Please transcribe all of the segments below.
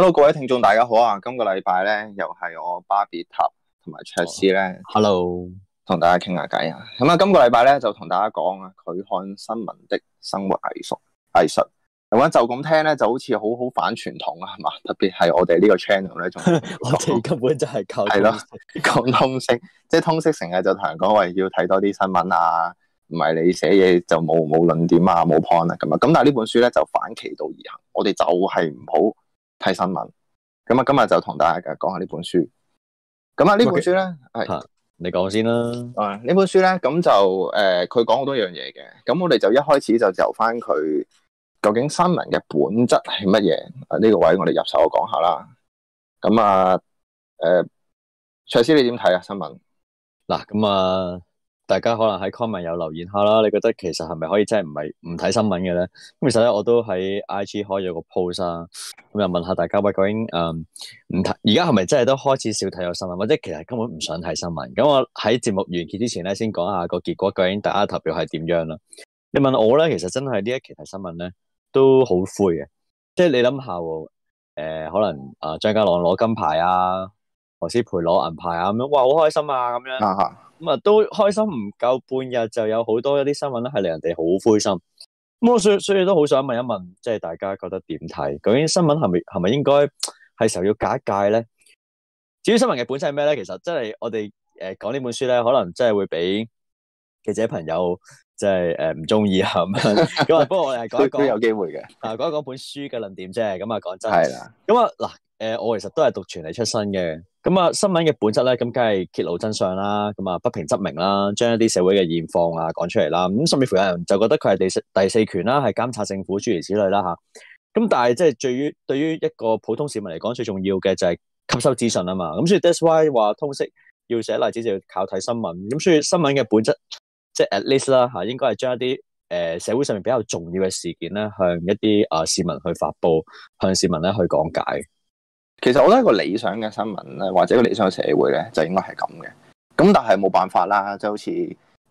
Hello，各位聽眾大家好啊！今個禮拜咧，又係我巴比塔同埋卓斯咧、oh.，Hello，同大家傾下偈啊！咁、嗯、啊，今個禮拜咧就同大家講啊，拒看新聞的生活藝術藝術，咁樣就咁聽咧，就好似好好反傳統啊，係嘛？特別係我哋呢個 channel 咧，仲 我哋根本就係靠係咯講通識，即係通識成日就同人講話要睇多啲新聞啊，唔係你寫嘢就冇冇論點啊，冇 point 啊咁啊！咁但係呢本書咧就反其道而行，我哋就係唔好。睇新聞，咁啊，今日就同大家講下呢本書。咁 Okay. 是啊，呢、嗯、本書咧係你講先啦。啊，呢本書咧，咁就誒，佢講好多樣嘢嘅。咁我哋就一開始就由翻佢究竟新聞嘅本質係乜嘢？啊，呢、個位我哋入手講下啦。咁啊，誒、呃，卓師你點睇啊？新聞嗱，咁啊。嗯啊大家可能喺 comment 有留言下啦，你覺得其實係咪可以真係唔係唔睇新聞嘅咧？咁其實咧我都喺 IG 開咗個 post 啊，咁又問下大家喂，究竟誒唔睇而家係咪真係都開始少睇有新聞，或者其實根本唔想睇新聞？咁我喺節目完結之前咧，先講下個結果究竟大家投票係點樣啦。你問我咧，其實真係呢一期睇新聞咧都好灰嘅，即係你諗下誒、呃，可能啊張、呃、家朗攞金牌啊。何詩蓓攞銀牌啊，咁樣哇，好開心啊，咁樣，咁啊、uh huh. 都開心唔夠半日，就有好多一啲新聞咧，係令人哋好灰心。咁所以所以都好想問一問，即係大家覺得點睇？究竟新聞係咪係咪應該係時候要戒一戒咧？至於新聞嘅本質係咩咧？其實真係我哋誒講呢本書咧，可能真係會俾記者朋友。即係誒唔中意啊咁樣。咁啊， 不過我哋係講一講 有機會嘅。啊，講一講本書嘅論點啫。咁啊，講真係啦。咁啊嗱，誒我其實都係讀傳理出身嘅。咁啊，新聞嘅本質咧，咁梗係揭露真相啦。咁啊，不平則鳴啦，將一啲社會嘅現況啊講出嚟啦。咁甚至乎有人就覺得佢係第四第四權啦，係監察政府諸如此類啦吓，咁但係即係對於對於一個普通市民嚟講，最重要嘅就係吸收資訊啊嘛。咁所以 that's why 話通識要寫例子就要靠睇新聞。咁所以新聞嘅本質。即係 at least 啦吓，應該係將一啲誒、呃、社會上面比較重要嘅事件咧，向一啲啊、呃、市民去發布，向市民咧去講解。其實我覺得一個理想嘅新聞咧，或者一個理想嘅社會咧，就應該係咁嘅。咁但係冇辦法啦，即係好似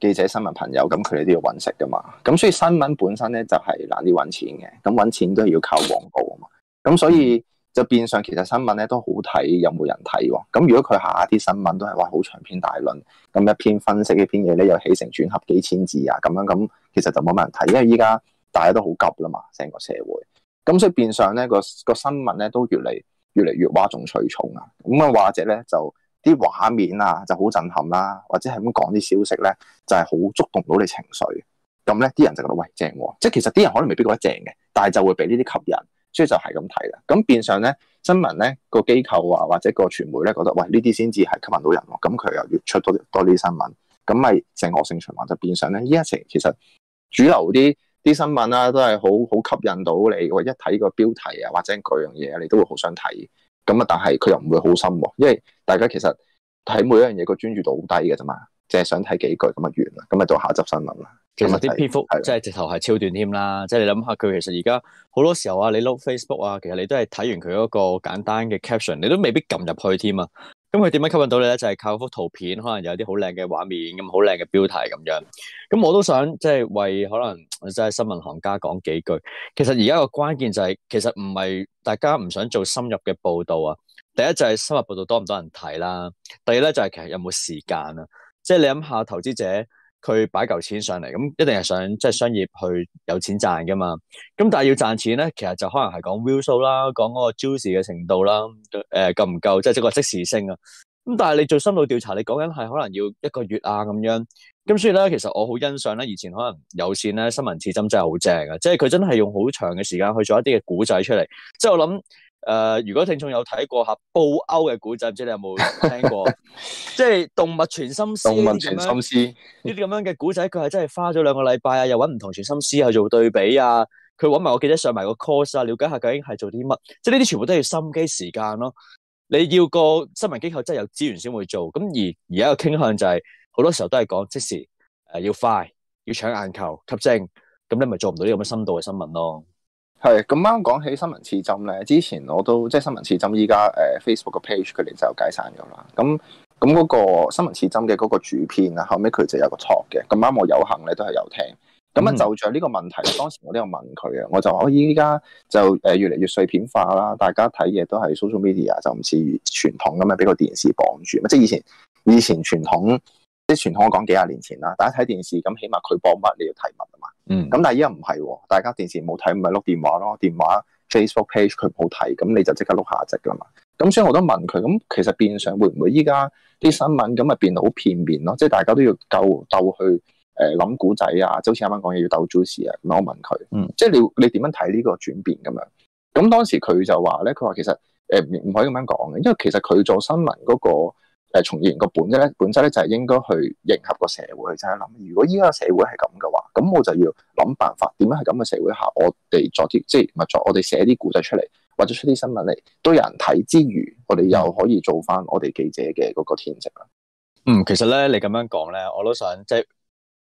記者、新聞朋友咁，佢哋都要揾食噶嘛。咁所以新聞本身咧就係、是、難啲揾錢嘅，咁揾錢都係要靠廣告啊嘛。咁所以。就變相其實新聞咧都好睇有冇人睇喎、啊？咁如果佢下啲新聞都係話好長篇大論，咁一篇分析嘅篇嘢咧又起承轉合幾千字啊咁樣，咁其實就冇乜人睇，因為依家大家都好急啦嘛，成個社會。咁所以變相咧、那個那個新聞咧都越嚟越嚟越嘩眾取寵啊！咁啊或者咧就啲畫面啊就好震撼啦、啊，或者係咁講啲消息咧就係、是、好觸動到你情緒。咁咧啲人就覺得喂正喎、啊，即其實啲人可能未必覺得正嘅，但係就會俾呢啲吸引。即係就係咁睇啦，咁變相咧新聞咧個機構啊，或者個傳媒咧覺得喂呢啲先至係吸引到人喎，咁佢又越出多啲多啲新聞，咁咪正惡性循環，就變相咧呢這一成其實主流啲啲新聞啦、啊，都係好好吸引到你，喂一睇個標題啊或者嗰樣嘢啊，你都會好想睇，咁啊但係佢又唔會好深，因為大家其實睇每一樣嘢個專注度好低嘅啫嘛，淨係想睇幾句咁啊完啦，咁啊到下一則新聞啦。其實啲篇幅即係直頭係超短添啦，是是即係你諗下，佢其實而家好多時候啊，你碌 Facebook 啊，其實你都係睇完佢嗰個簡單嘅 caption，你都未必撳入去添啊。咁佢點樣吸引到你咧？就係、是、靠幅圖片，可能有啲好靚嘅畫面咁，好靚嘅標題咁樣。咁我都想即係為可能即係新聞行家講幾句。其實而家個關鍵就係、是、其實唔係大家唔想做深入嘅報導啊。第一就係深入報導多唔多人睇啦、啊。第二咧就係其實有冇時間啊。即係你諗下投資者。佢擺嚿錢上嚟，咁一定係想即係、就是、商業去有錢賺㗎嘛。咁但係要賺錢咧，其實就可能係講 view 數啦，講嗰個 juice 嘅程度啦，誒、呃、夠唔夠，即係即個即時性啊。咁但係你做深度調查，你講緊係可能要一個月啊咁樣。咁所以咧，其實我好欣賞咧，以前可能有線咧新聞刺針真係好正啊，即係佢真係用好長嘅時間去做一啲嘅古仔出嚟。即係我諗。誒、呃，如果聽眾有睇過吓布歐嘅古仔，唔知你有冇聽過？即係 動物傳心思，動物傳心思呢啲咁樣嘅古仔，佢係真係花咗兩個禮拜啊，又搵唔同傳心思去做對比啊，佢搵埋我記者上埋個 course 啊，了解下究竟係做啲乜？即係呢啲全部都要心機時間咯、啊。你要個新聞機構真係有資源先會做。咁而而家嘅傾向就係、是、好多時候都係講即時誒，要快，要搶眼球吸睛，咁你咪做唔到啲咁嘅深度嘅新聞咯、啊。咁啱講起新聞刺針咧，之前我都即係新聞刺針依家 Facebook 個 page 佢哋就解散咗啦。咁咁嗰個新聞刺針嘅嗰個主編啊，後尾佢就有個 talk 嘅。咁啱我有幸咧都係有聽。咁啊，就著呢個問題，當時我都有問佢啊。我就話我依家就越嚟越碎片化啦，大家睇嘢都係 social media，就唔似傳統咁樣俾個電視綁住。即係以前以前傳統，即係傳統我講幾廿年前啦，大家睇電視咁，起碼佢播乜你要睇乜啊嘛。嗯，咁但係依家唔係喎，大家電視冇睇，唔係碌電話咯。電話 Facebook page 佢冇睇，咁你就即刻碌下集啦嘛。咁所以我都問佢，咁其實變相會唔會依家啲新聞咁咪變到好片面咯？即係大家都要夠鬥去呃諗古仔啊，就好似啱啱講嘢要鬥做事啊。咁我問佢，嗯，即係你你點樣睇呢個轉變咁樣？咁當時佢就話咧，佢話其實唔、呃、可以咁樣講嘅，因為其實佢做新聞嗰個。誒從業，嗰個本質咧，本質咧就係、係、應該去迎合個社會去、就係、諗。如果依家社會係咁嘅話，咁我就要諗辦法點樣喺咁嘅社會下，我哋作啲即係咪作我哋寫啲故仔出嚟，或者出啲新聞嚟都有人睇之餘，我哋又可以做翻我哋記者嘅嗰個天職啦。嗯，其實咧你咁樣講咧，我都想即係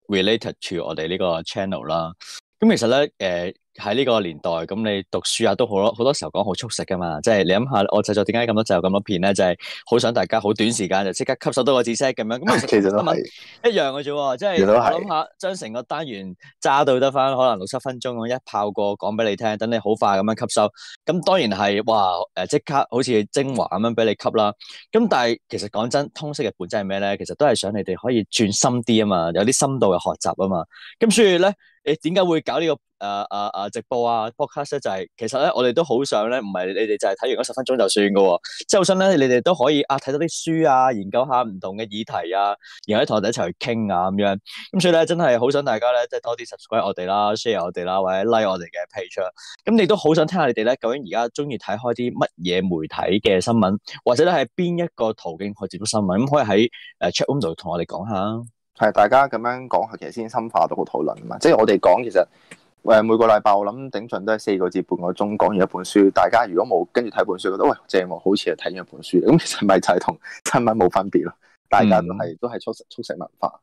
related to 我哋呢個 channel 啦。咁其實咧誒。呃喺呢個年代，咁你讀書啊都好多好多時候講好速食噶嘛，即係你諗下，我製作點解咁多就咁多片咧？就係好想大家好短時間就即刻吸收到個知識咁樣。咁其實都係一樣嘅啫，即係諗下將成個單元揸到得翻，可能六七分鐘一炮過講俾你聽，等你好快咁樣吸收。咁當然係哇，誒、呃、即刻好似精華咁樣俾你吸啦。咁但係其實講真，通識嘅本質係咩咧？其實都係想你哋可以轉深啲啊嘛，有啲深度嘅學習啊嘛。咁所以咧。你點解會搞呢、這個誒誒、呃呃、直播啊？Podcast 咧就係、是、其實咧我哋都好想咧，唔係你哋就係睇完嗰十分鐘就算噶、啊，即係好想咧你哋都可以啊睇到啲書啊，研究下唔同嘅議題啊，然後喺同我哋一齊去傾啊咁樣，咁所以咧真係好想大家咧即係多啲 subscribe 我哋啦，share 我哋啦，或者 like 我哋嘅 page。咁你都好想聽下你哋咧究竟而家中意睇開啲乜嘢媒體嘅新聞，或者咧係邊一個途徑去接收新聞？咁可以喺誒 chat k i o d o 同我哋講下係大家咁樣講，其實先深化到好討論啊嘛。即係我哋講，其實誒每個禮拜我諗頂盡都係四個字半個鐘講完一本書。大家如果冇跟住睇本書，覺得喂正喎，好似係睇呢一本書。咁其實咪就係同新聞冇分別咯。大家都係都係促促食文化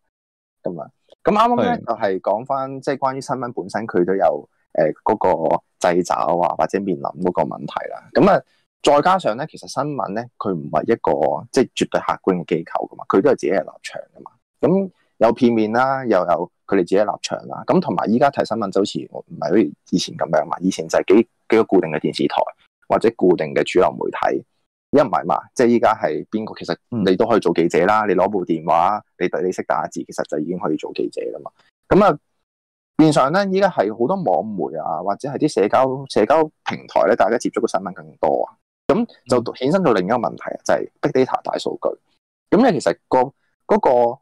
咁啊。咁啱啱咧就係講翻，即係關於新聞本身，佢都有誒嗰個掣肘啊，或者面臨嗰個問題啦。咁啊，再加上咧，其實新聞咧佢唔係一個即係絕對客觀嘅機構噶嘛，佢都有自己嘅立場噶嘛。咁有片面啦，又有佢哋自己立場啦。咁同埋依家睇新聞就好似唔係好似以前咁樣嘛。以前就係幾幾個固定嘅電視台或者固定嘅主流媒體。因為唔係嘛，即係依家係邊個？其實你都可以做記者啦。你攞部電話，你對你識打字，其實就已經可以做記者啦嘛。咁啊，變相咧，依家係好多網媒啊，或者係啲社交社交平台咧，大家接觸嘅新聞更多啊。咁就衍生到另一個問題，就係、是、big data 大數據。咁咧，其實個、那、嗰個。那個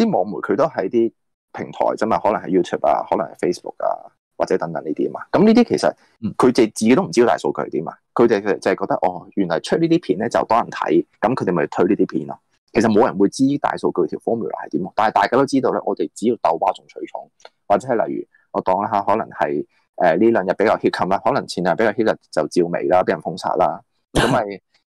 啲網媒佢都喺啲平台啫嘛，可能係 YouTube 啊，可能係 Facebook 啊，或者等等呢啲啊嘛。咁呢啲其實佢哋自己都唔知道大數據係點啊。佢哋就係覺得哦，原來出呢啲片咧就多人睇，咁佢哋咪推呢啲片咯。其實冇人會知大數據條 formula 係點，但係大家都知道咧，我哋只要鬥嘩眾取寵，或者係例如我講一下，可能係誒呢兩日比較 hit 嘅嘛，可能前兩日比較 hit come，就趙薇啦，俾人封殺啦，咁咪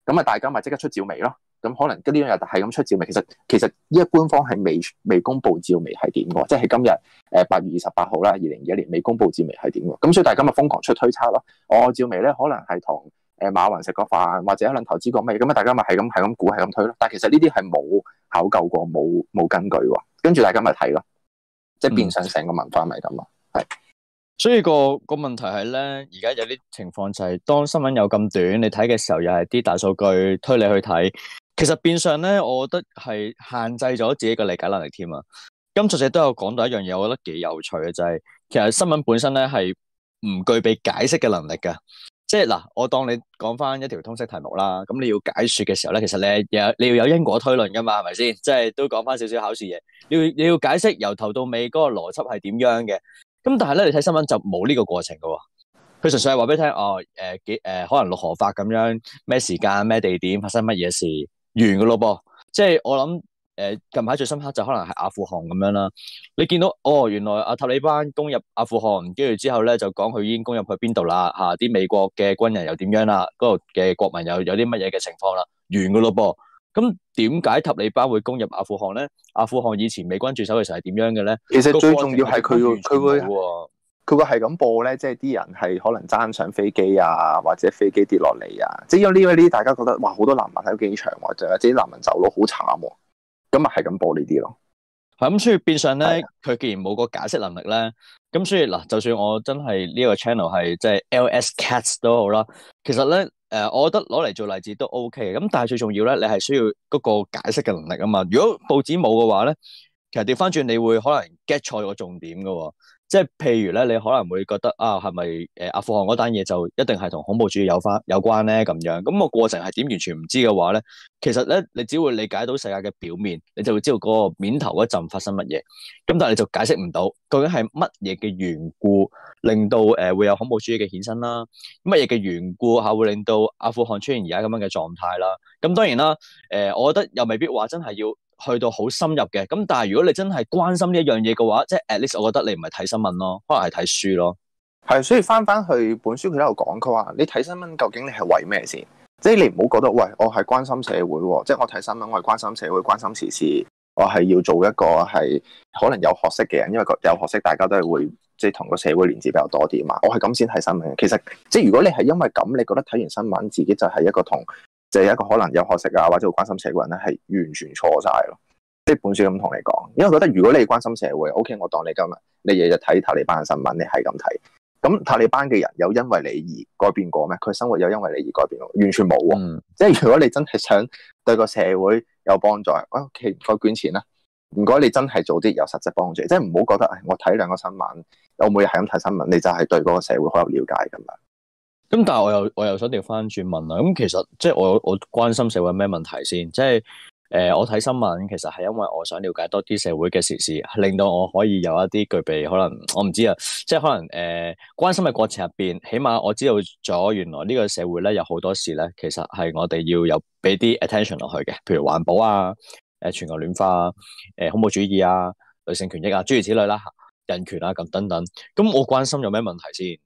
咁咪大家咪即刻出趙薇咯。咁可能呢樣日日係咁出趙薇，其實其實依一官方係未未公布趙薇係點喎？即係今日誒八月二十八號啦，二零二一年未公布趙薇係點喎？咁所以大家咪瘋狂出推測咯。我我趙薇，咧，可能係同誒馬雲食個飯，或者一諗投資個咩咁啊？大家咪係咁係咁估，係咁推咯。但係其實呢啲係冇考究過，冇冇根據喎。跟住大家咪睇咯，即係變相成個文化咪咁咯。係、嗯，是所以個個問題係咧，而家有啲情況就係當新聞有咁短，你睇嘅時候又係啲大數據推你去睇。其實變相咧，我覺得係限制咗自己嘅理解能力添啊。今次都有講到一樣嘢，我覺得幾有趣嘅就係、是，其實新聞本身咧係唔具備解釋嘅能力噶。即係嗱，我當你講翻一條通識題目啦，咁你要解說嘅時候咧，其實你有你要有因果推論噶嘛，係咪先？即、就、係、是、都講翻少少考試嘢，你要你要解釋由頭到尾嗰個邏輯係點樣嘅。咁但係咧，你睇新聞就冇呢個過程噶。佢純粹係話俾你聽，哦，誒、呃、幾誒、呃、可能六何法咁樣，咩時間咩地點發生乜嘢事。完噶咯噃，即係我諗誒、呃、近排最深刻就可能係阿富汗咁樣啦。你見到哦，原來阿塔利班攻入阿富汗，跟住之後咧就講佢已經攻入去邊度啦吓，啲、啊、美國嘅軍人又點樣啦，嗰度嘅國民又有啲乜嘢嘅情況啦。完噶咯噃，咁點解塔利班會攻入阿富汗咧？阿富汗以前美軍駐守嘅時候係點樣嘅咧？其實最重要係佢佢會。佢會係咁播咧，即係啲人係可能爭上飛機啊，或者飛機跌落嚟啊，即係因為呢位呢，大家覺得哇，好多難民喺機場或者或者啲難民走佬好慘，咁啊係咁播呢啲咯。係咁，所以變相咧，佢的既然冇個解釋能力咧，咁所以嗱，就算我真係呢個 channel 係即係 L S Cats 都好啦，其實咧誒，我覺得攞嚟做例子都 O K 嘅。咁但係最重要咧，你係需要嗰個解釋嘅能力啊嘛。如果報紙冇嘅話咧，其實調翻轉你會可能 get 錯個重點嘅，哦。即係譬如咧，你可能會覺得啊，係咪誒阿富汗嗰單嘢就一定係同恐怖主義有翻有關咧咁樣？咁個過程係點完全唔知嘅話咧，其實咧你只會理解到世界嘅表面，你就會知道嗰個面頭嗰陣發生乜嘢。咁但係你就解釋唔到究竟係乜嘢嘅緣故令到誒會有恐怖主義嘅衍生啦，乜嘢嘅緣故嚇會令到阿富汗出現而家咁樣嘅狀態啦。咁當然啦，誒我覺得又未必話真係要。去到好深入嘅，咁但係如果你真係關心呢一樣嘢嘅話，即係 at least 我覺得你唔係睇新聞咯，可能係睇書咯。係，所以翻翻去本書佢喺度講，佢話你睇新聞究竟你係為咩先？即係你唔好覺得喂，我係關心社會喎，即係我睇新聞我係關心社會、關心時事，我係要做一個係可能有學識嘅人，因為有學識大家都係會即係同個社會連接比較多啲啊嘛。我係咁先睇新聞嘅。其實即如果你係因為咁，你覺得睇完新聞自己就係一個同。就有一個可能有學識啊，或者會關心社會嘅人咧，係完全錯晒咯。即係本書咁同你講，因為我覺得如果你關心社會，OK，我當你今日你日日睇塔利班嘅新聞，你係咁睇，咁塔利班嘅人有因為你而改變過咩？佢生活有因為你而改變過？完全冇喎。嗯、即係如果你真係想對個社會有幫助，OK，唔該捐錢啦。唔該你真係做啲有實質幫助，即係唔好覺得我睇兩個新聞，我每日係咁睇新聞，你就係對嗰個社會好有了解噶嘛。咁但係我又我又想調翻轉問啦，咁其實即係我我關心社會咩問題先？即係誒、呃，我睇新聞其實係因為我想了解多啲社會嘅時事，令到我可以有一啲具備可能我唔知啊，即係可能誒、呃、關心嘅過程入邊，起碼我知道咗原來呢個社會咧有好多事咧，其實係我哋要有俾啲 attention 落去嘅，譬如環保啊、誒全球暖化誒、啊、恐怖主義啊、女性權益啊諸如此類啦、啊、人權啊咁等等。咁我關心有咩問題先？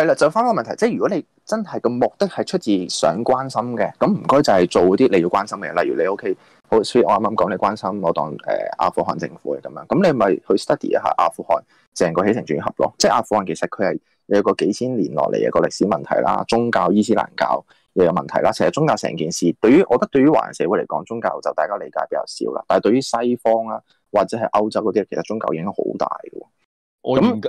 係啦，就翻個問題，即係如果你真係個目的係出自想關心嘅，咁唔該就係做啲你要關心嘅嘢，例如你 OK，好，所以我啱啱講你關心，我當誒阿富汗政府嘅咁樣，咁你咪去 study 一下阿富汗成個起承轉合咯。即係阿富汗其實佢係有個幾千年落嚟嘅個歷史問題啦，宗教伊斯蘭教又有問題啦。其實宗教成件事，對於我覺得對於華人社會嚟講，宗教就大家理解比較少啦。但係對於西方啦、啊，或者係歐洲嗰啲，其實宗教影響好大嘅喎。咁以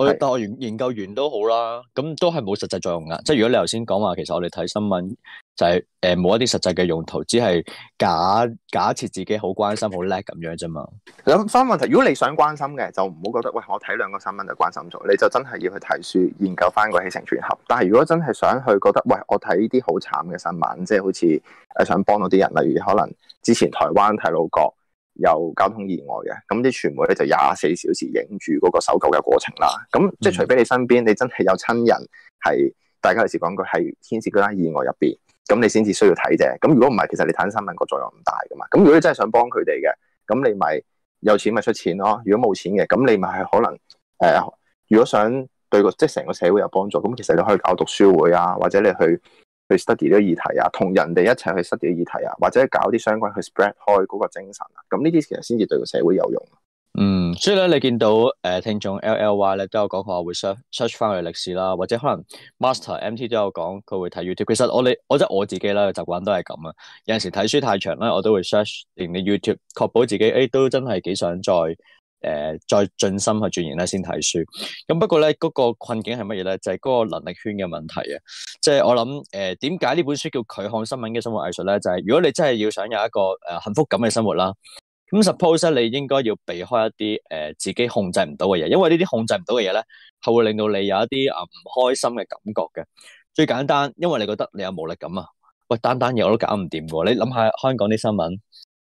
我哋大學研究員都好啦，咁都係冇實際作用噶。即係如果你頭先講話，其實我哋睇新聞就係誒冇一啲實際嘅用途，只係假假設自己好關心好叻咁樣啫嘛。有翻問題，如果你想關心嘅，就唔好覺得喂，我睇兩個新聞就關心咗，你就真係要去睇書研究翻個起承轉合。但係如果真係想去，覺得喂，我睇呢啲好慘嘅新聞，即係好似誒想幫到啲人，例如可能之前台灣睇老郭。有交通意外嘅，咁啲傳媒咧就廿四小時影住嗰個搜救嘅過程啦。咁即係除非你身邊你真係有親人係，大家有時講佢係牽涉嗰單意外入邊，咁你先至需要睇啫。咁如果唔係，其實你睇新聞個作用唔大噶嘛。咁如果你真係想幫佢哋嘅，咁你咪有錢咪出錢咯。如果冇錢嘅，咁你咪係可能誒、呃，如果想對個即係成個社會有幫助，咁其實你可以搞讀書會啊，或者你去。去 study 啲議題啊，同人哋一齊去 study 啲議題啊，或者搞啲相關去 spread 開嗰個精神啊。咁呢啲其實先至對個社會有用。嗯，所以咧，你見到誒聽眾 L L Y 咧都有講話會 search search 翻佢歷史啦，或者可能 Master M T 都有講佢會睇 YouTube。其實我你我即係我自己啦，習慣都係咁啊。有陣時睇書太長咧，我都會 search 連啲 YouTube，確保自己誒、欸、都真係幾想再。誒，再盡心去鑽研先睇書。咁不過咧，嗰個困境係乜嘢咧？就係、是、嗰個能力圈嘅問題啊！即係、就是、我諗誒，點解呢本書叫拒看新聞嘅生活藝術咧？就係、是、如果你真係要想有一個、呃、幸福感嘅生活啦，咁 suppose 咧，你應該要避開一啲、呃、自己控制唔到嘅嘢，因為呢啲控制唔到嘅嘢咧，係會令到你有一啲啊唔開心嘅感覺嘅。最簡單，因為你覺得你有無力感啊！喂、呃，單單嘢我都搞唔掂喎，你諗下香港啲新聞。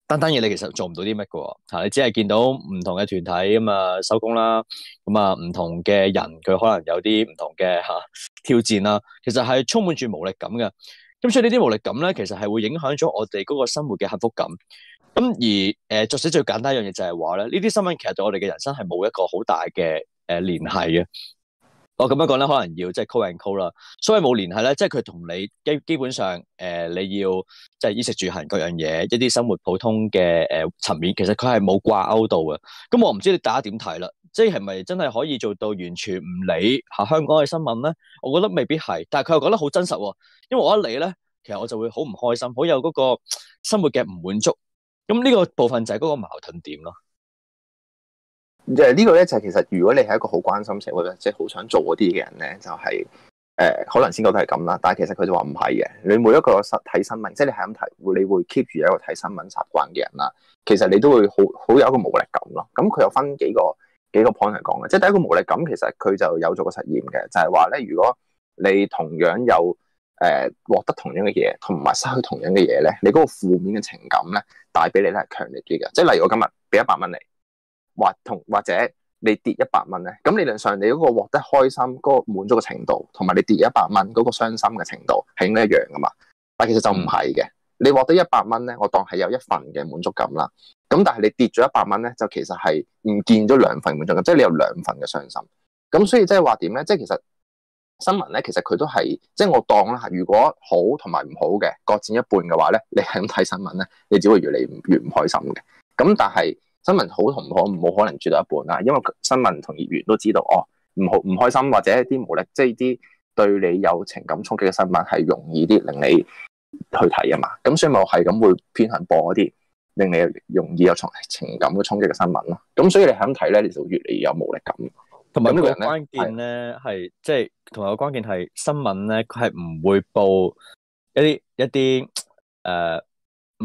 單單嘢你其實做唔到啲乜噶吓，你只係見到唔同嘅團體咁啊收工啦，咁啊唔同嘅人佢可能有啲唔同嘅吓、啊、挑戰啦，其實係充滿住無力感嘅，咁所以呢啲無力感咧，其實係會影響咗我哋嗰個生活嘅幸福感。咁而誒、呃、作者最簡單一樣嘢就係話咧，呢啲新聞其實對我哋嘅人生係冇一個好大嘅誒聯繫嘅。呃我咁樣講咧，可能要即係 call and call 啦，所以冇聯繫咧，即係佢同你基基本上、呃、你要即係衣食住行各樣嘢，一啲生活普通嘅誒、呃、層面，其實佢係冇掛鈎到嘅。咁我唔知你大家點睇啦，即係係咪真係可以做到完全唔理吓香港嘅新聞咧？我覺得未必係，但係佢又覺得好真實喎。因為我一理咧，其實我就會好唔開心，好有嗰個生活嘅唔滿足。咁呢個部分就係嗰個矛盾點咯。誒呢個咧就其實，如果你係一個好關心社會咧，即係好想做嗰啲嘅人咧，就係、是、誒、呃、可能先覺得係咁啦。但係其實佢就話唔係嘅，你每一個睇新聞，即係你係咁提睇，你會 keep 住一個睇新聞習慣嘅人啦。其實你都會好好有一個無力感咯。咁佢又分幾個幾個 point 嚟講嘅，即係第一個無力感，其實佢就有做個實驗嘅，就係話咧，如果你同樣有誒獲、呃、得同樣嘅嘢，同埋失去同樣嘅嘢咧，你嗰個負面嘅情感咧帶俾你咧係強烈啲嘅。即係例如我今日俾一百蚊你。或同或者你跌一百蚊咧，咁理論上你嗰個獲得開心嗰個滿足嘅程度，同埋你跌一百蚊嗰個傷心嘅程度係應該一樣噶嘛？但其實就唔係嘅，你獲得一百蚊咧，我當係有一份嘅滿足感啦。咁但係你跌咗一百蚊咧，就其實係唔見咗兩份滿足感，即係你有兩份嘅傷心。咁所以即係話點咧？即係其實新聞咧，其實佢都係即係我當啦，如果好同埋唔好嘅各佔一半嘅話咧，你係咁睇新聞咧，你只會越嚟越唔開心嘅。咁但係。新聞好同唔好，冇可能住到一半啦。因為新聞同業員都知道，哦，唔好唔開心或者一啲無力，即係啲對你有情感衝擊嘅新聞係容易啲令你去睇啊嘛。咁所以咪係咁會偏向播一啲令你容易有從情感嘅衝擊嘅新聞咯。咁所以你肯睇咧，你就越嚟越有無力感。同埋呢個關鍵咧，係即係同埋個關鍵係新聞咧，佢係唔會報一啲一啲誒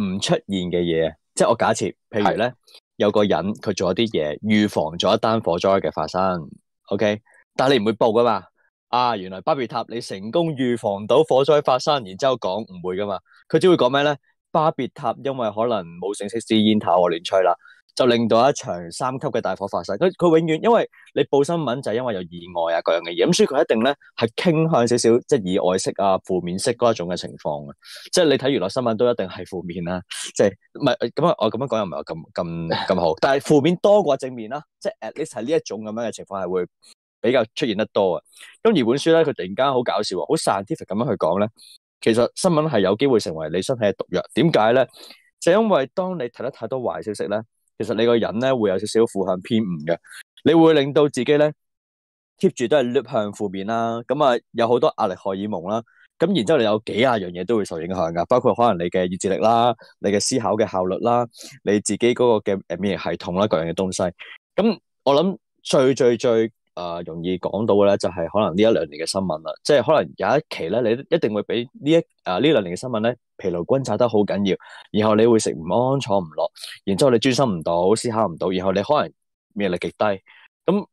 唔出現嘅嘢。即係我假設，譬如咧。有個人佢做一啲嘢，預防咗一單火災嘅發生。OK，但係你唔會報㗎嘛？啊，原來巴別塔你成功預防到火災發生，然之後講唔會㗎嘛？佢只會講咩咧？巴別塔因為可能冇成色啲煙頭，我亂吹啦。就令到一場三級嘅大火發生。佢佢永遠，因為你報新聞就係因為有意外啊，各樣嘅嘢咁，所以佢一定咧係傾向少少即係意外式啊、負面式嗰一種嘅情況嘅。即係你睇娛樂新聞都一定係負面啦、啊，即係唔係咁啊？我咁樣講又唔係話咁咁咁好，但係負面多過正面啦。即係 at least 係呢一種咁樣嘅情況係會比較出現得多嘅。咁而本書咧，佢突然間好搞笑，好 scientific 咁樣去講咧，其實新聞係有機會成為你身體嘅毒藥。點解咧？就因為當你睇得太多壞消息咧。其實你個人咧會有少少負向偏誤嘅，你會令到自己咧 keep 住都係 lift 向負面啦，咁啊有好多壓力荷爾蒙啦，咁然之後你有幾廿樣嘢都會受影響噶，包括可能你嘅意志力啦、你嘅思考嘅效率啦、你自己嗰個嘅免疫系統啦、各樣嘅東西，咁我諗最最最。啊，容易講到嘅咧，就係可能呢一兩年嘅新聞啦，即係可能有一期咧，你一定會俾呢一啊呢兩年嘅新聞咧疲勞轟炸得好緊要，然後你會食唔安，坐唔落，然之後你專心唔到，思考唔到，然後你可能免疫力極低，咁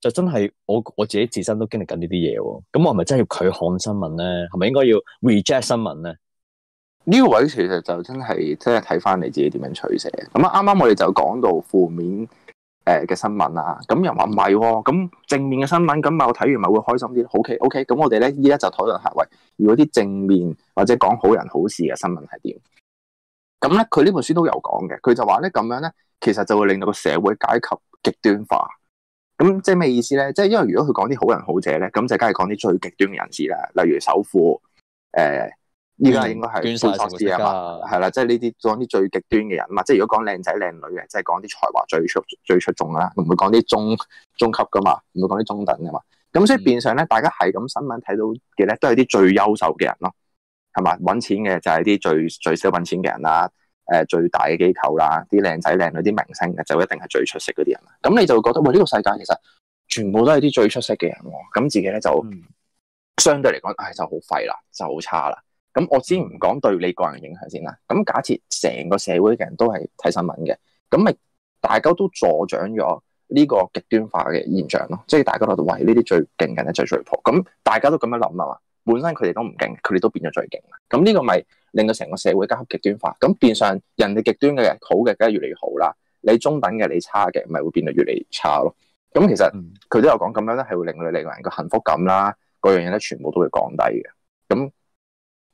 就真係我我自己自身都經歷緊呢啲嘢喎，咁我係咪真係要拒看新聞咧？係咪應該要 reject 新聞咧？呢個位其實就真係真係睇翻你自己點樣取捨。咁啊，啱啱我哋就講到負面。誒嘅、呃、新聞啊，咁又話唔係喎，咁、哦、正面嘅新聞，咁我睇完咪會開心啲。OK，OK，咁我哋咧依家就討論下，喂，如果啲正面或者講好人好事嘅新聞係點？咁咧，佢呢本書都有講嘅，佢就話咧咁樣咧，其實就會令到個社會階級極端化。咁即係咩意思咧？即係因為如果佢講啲好人好者咧，咁就梗係講啲最極端嘅人士啦，例如首富誒。呃依家應該係高層啲啊嘛，係啦，即係呢啲講啲最極端嘅人嘛，即係如果講靚仔靚女嘅，即係講啲才華最出最出眾㗎啦，唔會講啲中中級㗎嘛，唔會講啲中等㗎嘛。咁所以變相咧，大家係咁新聞睇到嘅咧，都係啲最優秀嘅人咯，係嘛？搵錢嘅就係啲最最少搵錢嘅人啦，誒、呃，最大嘅機構啦，啲靚仔靚女、啲明星嘅就一定係最出色嗰啲人啦。咁你就會覺得，喂，呢、這個世界其實全部都係啲最出色嘅人喎，咁自己咧就相對嚟講，唉，就好廢啦，就好差啦。咁我先唔講對你個人影響先啦。咁假設成個社會嘅人都係睇新聞嘅，咁咪大家都助長咗呢個極端化嘅現象咯。即係大家覺得：「喂，呢啲最勁人咧，最最 pro」咁大家都咁樣諗啦嘛。本身佢哋都唔勁，佢哋都變咗最勁啦。咁呢個咪令到成個社會更加極端化。咁變相人哋極端嘅好嘅，梗係越嚟越好啦。你中等嘅，你差嘅，咪會變得越嚟越差咯。咁其實佢都有講咁樣咧，係會令到你個人嘅幸福感啦，嗰樣嘢咧，全部都會降低嘅。咁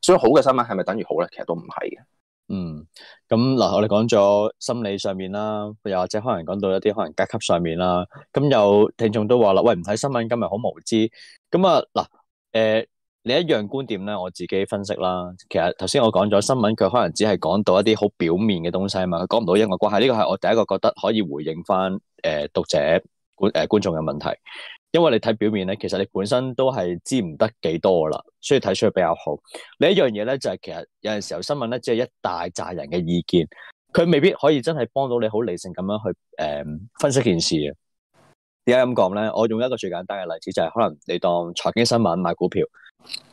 所以好嘅新聞係咪等於好咧？其實都唔係嘅。嗯，咁嗱，我哋講咗心理上面啦，又或者可能講到一啲可能階級上面啦。咁有聽眾都話啦，喂，唔睇新聞今日好無知。咁啊，嗱、呃，誒，你一樣觀點咧，我自己分析啦。其實頭先我講咗新聞，佢可能只係講到一啲好表面嘅東西啊嘛，佢講唔到因果關係。呢、呢個係我第一個覺得可以回應翻誒讀者觀誒、呃、觀眾嘅、呃、問題。因為你睇表面咧，其實你本身都係知唔得幾多噶啦，所以睇出去比較好。另一樣嘢咧就係、是，其實有陣時候新聞咧只係一大扎人嘅意見，佢未必可以真係幫到你好理性咁樣去誒、呃、分析件事啊。點解咁講咧？我用一個最簡單嘅例子就係、是，可能你當財經新聞買股票，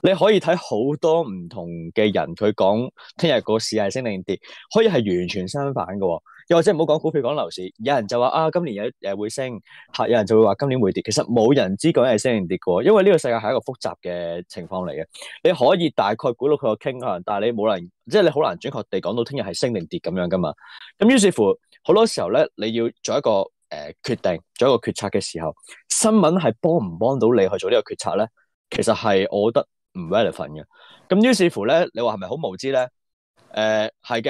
你可以睇好多唔同嘅人，佢講聽日個市係升定跌，可以係完全相反噶。又或者唔好講股票，講樓市，有人就話啊，今年有誒會升，嚇有人就會話今年會跌。其實冇人知講係升定跌嘅，因為呢個世界係一個複雜嘅情況嚟嘅。你可以大概估到佢個傾向，但係你冇能，即係你好難準確地講到聽日係升定跌咁樣噶嘛。咁於是乎好多時候咧，你要做一個誒、呃、決定，做一個決策嘅時候，新聞係幫唔幫到你去做呢個決策咧？其實係我覺得唔 relevant 嘅。咁於是乎咧，你話係咪好無知咧？誒，係嘅、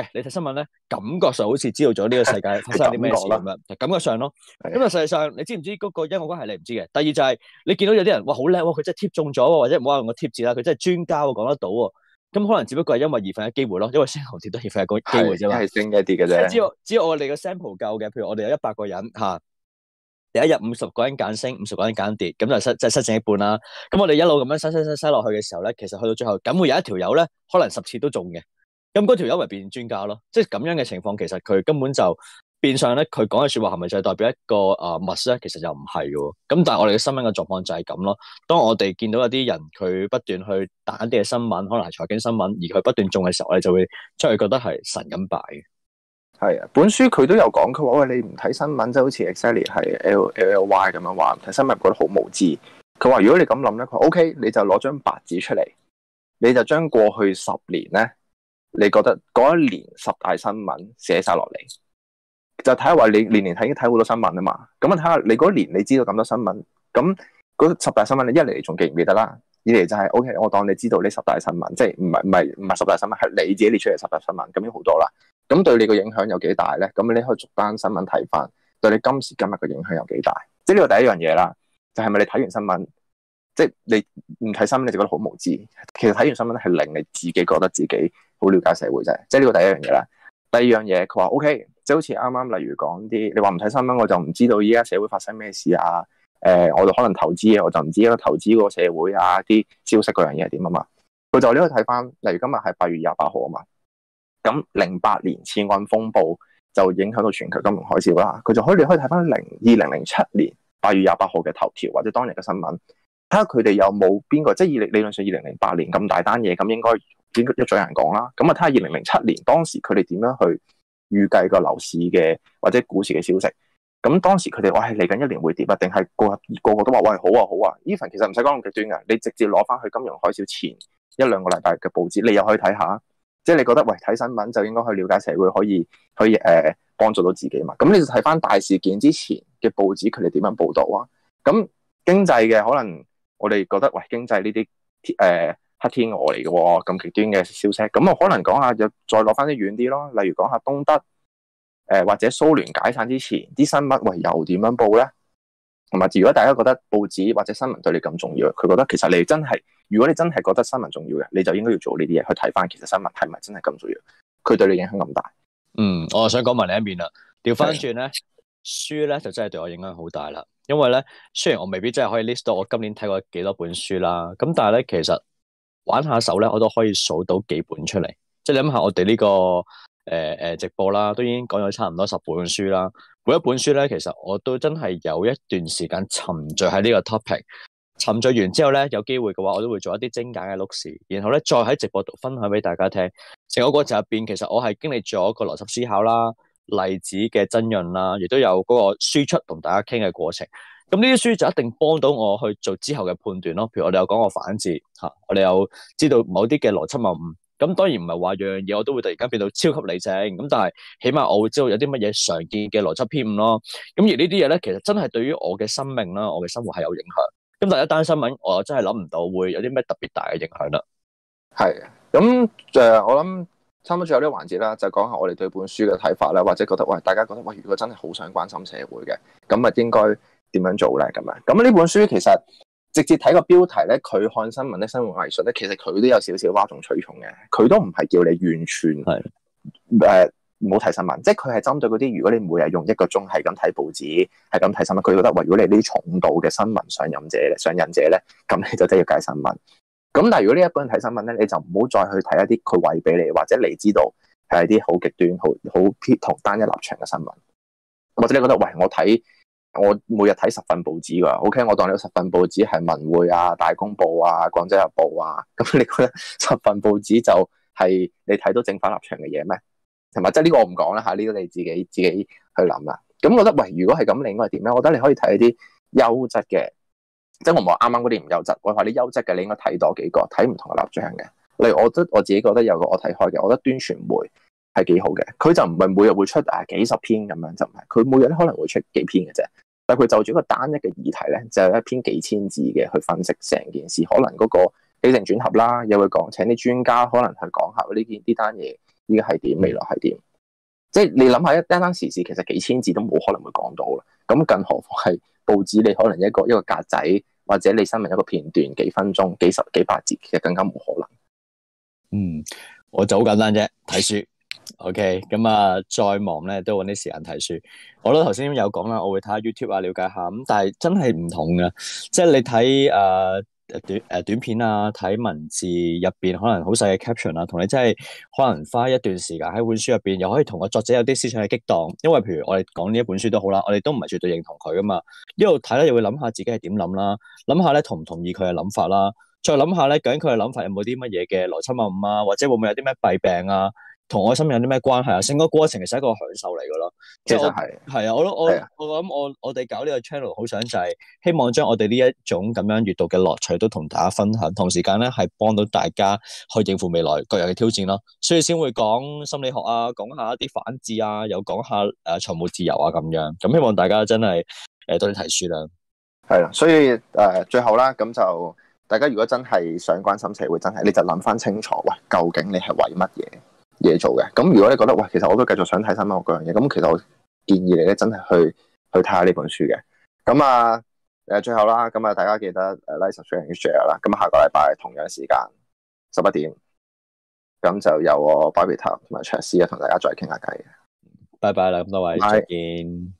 呃。你睇新聞咧，感覺上好似知道咗呢個世界發生啲咩事咁樣， 感覺上咯。咁啊的，事實上你知唔知嗰個因果關係？你唔知嘅。第二就係、是、你見到有啲人話好叻，佢真係貼中咗，或者唔好話用個貼字啦，佢真係專家，我講得到。咁可能只不過係因為二分嘅機會咯，因為星升同跌都二分一個機會啫嘛，係升一跌嘅啫。只要只要我哋個 sample 夠嘅，譬如我哋有，啊、有一百個人吓，第一日五十個人揀升，五十個人揀跌，咁就是、失就失剩一半啦。咁我哋一路咁樣篩篩篩篩落去嘅時候咧，其實去到最後，梗會有一條友咧，可能十次都中嘅。咁嗰條友咪變專家咯，即係咁樣嘅情況，其實佢根本就變相呢。咧。佢講嘅説話係咪就係代表一個啊、呃、物質咧？其實就唔係嘅。咁但係我哋嘅新聞嘅狀況就係咁咯。當我哋見到有啲人佢不斷去打一啲嘅新聞，可能係財經新聞，而佢不斷中嘅時候咧，我哋就會出去覺得係神咁拜嘅。係啊，本書佢都有講佢話，喂，你唔睇新聞，即係好似 exactly 係 L L L Y 咁樣話唔睇新聞，覺得好無知。佢話：如果你咁諗咧，佢話 O K，你就攞張白紙出嚟，你就將過去十年咧。你覺得嗰一年十大新聞寫晒落嚟，就睇下話你年年睇已經睇好多新聞啊嘛。咁我睇下你嗰年你知道咁多新聞，咁嗰十大新聞你一嚟仲記唔記得啦？二嚟就係 OK，我當你知道呢十大新聞，即係唔係唔係唔係十大新聞，係你自己列出嚟十大新聞，咁樣好多啦。咁對你個影響有幾大咧？咁你可以逐單新聞睇翻，對你今時今日嘅影響有幾大？即係呢個第一樣嘢啦，就係咪你睇完新聞，即係你唔睇新聞，你就覺得好無知？其實睇完新聞係令你自己覺得自己好了解社會啫，即係呢個第一樣嘢啦。第二樣嘢，佢話 OK，即係好似啱啱例如講啲，你話唔睇新聞我就唔知道依家社會發生咩事啊。誒、呃，我哋可能投資嘅我就唔知啦，投資嗰個社會啊啲消息嗰樣嘢係點啊嘛。佢就你可以睇翻，例如今日係八月廿八號啊嘛。咁零八年次按風暴就影響到全球金融海嘯啦。佢就可以你可以睇翻零二零零七年八月廿八號嘅頭條或者當日嘅新聞，睇下佢哋有冇邊個即係以理理論上二零零八年咁大單嘢咁應該。點一早有人講啦，咁啊睇下二零零七年當時佢哋點樣去預計個樓市嘅或者股市嘅消息，咁當時佢哋話係嚟緊一年會跌啊，定係個個個都話喂好啊好啊 even 其實唔使講咁極端嘅，你直接攞翻去金融海嘯前一兩個禮拜嘅報紙，你又可以睇下，即係你覺得喂睇新聞就應該去了解社會可，可以去誒幫助到自己嘛，咁你就睇翻大事件之前嘅報紙佢哋點樣報道啊，咁經濟嘅可能我哋覺得喂經濟呢啲誒。呃黑天鵝嚟嘅咁極端嘅消息，咁我可能講下，又再落翻啲遠啲咯。例如講下東德誒、呃，或者蘇聯解散之前啲新聞，喂、哎、又點樣報咧？同埋，如果大家覺得報紙或者新聞對你咁重要，佢覺得其實你真係，如果你真係覺得新聞重要嘅，你就應該要做呢啲嘢去睇翻。其實新聞係咪真係咁重要，佢對你影響咁大。嗯，我想講埋另一邊啦，調翻轉咧書咧就真係對我影響好大啦。因為咧雖然我未必真係可以 list 到我今年睇過幾多本書啦，咁但係咧其實。玩下手咧，我都可以數到幾本出嚟。即你諗下我哋呢個、呃、呃、直播啦，都已經講咗差唔多十本書啦。每一本書咧，其實我都真係有一段時間沉醉喺呢個 topic。沉醉完之後咧，有機會嘅話，我都會做一啲精簡嘅錄視，然後咧再喺直播度分享俾大家聽。成個過程入面，其實我係經歷咗一個邏輯思考啦、例子嘅增潤啦，亦都有嗰個輸出同大家傾嘅過程。咁呢啲書就一定幫到我去做之後嘅判斷咯。譬如我哋有講過反字吓，我哋有知道某啲嘅邏輯謬誤。咁當然唔係話樣樣嘢我都會突然間變到超級理性咁，但係起碼我會知道有啲乜嘢常見嘅邏輯偏誤咯。咁而呢啲嘢咧，其實真係對於我嘅生命啦，我嘅生活係有影響。咁但一單新聞，我真係諗唔到會有啲咩特別大嘅影響啦。係咁誒，我諗差唔多最後呢個環節啦，就講下我哋對本書嘅睇法啦，或者覺得喂，大家覺得喂，如果真係好想關心社會嘅，咁啊應該。點樣做咧？咁啊，咁呢本書其實直接睇個標題咧，拒看新聞的生活藝術咧，其實佢都有少少嘩眾取寵嘅，佢都唔係叫你完全係誒唔好睇新聞，即係佢係針對嗰啲如果你每日用一個鐘係咁睇報紙，係咁睇新聞，佢覺得喂，如果你呢啲重度嘅新聞上癮者咧，上癮者咧，咁你就真係要戒新聞。咁但係如果呢一本睇新聞咧，你就唔好再去睇一啲佢喂俾你或者你知道係一啲好極端好好偏同單一立場嘅新聞，或者你覺得喂我睇。我每日睇十份報紙噶，OK？我當你有十份報紙係文匯啊、大公報啊、廣州日報啊，咁你覺得十份報紙就係你睇到正反立場嘅嘢咩？同埋即係呢個我唔講啦吓，呢個你自己自己去諗啦。咁我覺得喂，如果係咁，你應該係點咧？我覺得你可以睇一啲優質嘅，即係我唔係話啱啱嗰啲唔優質，我話啲優質嘅你應該睇多幾個，睇唔同嘅立場嘅。例如，我得我自己覺得有個我睇開嘅，我覺得端傳媒。係幾好嘅，佢就唔係每日會出啊幾十篇咁樣就唔係，佢每日咧可能會出幾篇嘅啫。但係佢就住一個單一嘅議題咧，就有一篇幾千字嘅去分析成件事，可能嗰個起承轉合啦，又會講請啲專家可能去講下呢件呢單嘢，依家係點，未來係點。嗯，即係你諗下一單單時事，其實幾千字都冇可能會講到啦。咁更何況係報紙，你可能一個一個格仔，或者你新聞一個片段，幾分鐘、幾十幾百字，其實更加冇可能。嗯，我就好簡單啫，睇書。OK，咁啊，再忙咧都揾啲時間睇書。好啦，頭先有講啦，我會睇下 YouTube 啊，了解一下咁。但係真係唔同嘅，即係你睇誒短誒短片啊，睇文字入邊可能好細嘅 caption 啊，同你真係可能花一段時間喺本書入邊，又可以同個作者有啲思想嘅激蕩。因為譬如我哋講呢一本書都好啦，我哋都唔係絕對認同佢噶嘛。一路睇咧，又會諗下自己係點諗啦，諗下咧同唔同意佢嘅諗法啦，再諗下咧究竟佢嘅諗法有冇啲乜嘢嘅邏輯謬誤啊，或者會唔會有啲咩弊病啊？同我心有啲咩關係啊？性嗰過程其實係一個享受嚟噶咯，其實係係啊！我的我我諗，我想我哋搞呢個 channel 好想就係希望將我哋呢一種咁樣閲讀嘅樂趣都同大家分享，同時間咧係幫到大家去應付未來各人嘅挑戰咯。所以先會講心理學啊，講下一啲反智啊，又講下誒、啊、財務自由啊咁樣。咁希望大家真係誒、呃、多啲睇書啦。係啦，所以誒、呃、最後啦，咁就大家如果真係想關心社會真，真係你就諗翻清楚，喂，究竟你係為乜嘢？嘢做嘅，咁如果你覺得，喂，其實我都繼續想睇新聞學嗰樣嘢，咁其實我建議你咧，真係去去睇下呢本書嘅。咁啊，誒，最後啦，咁啊，大家記得誒，like subscribe 啦。咁下個禮拜同樣時間，十一點，咁就由我 Barry Tan 同埋卓斯啊，同大家再傾下偈。拜拜啦，咁多位，Bye. 再見。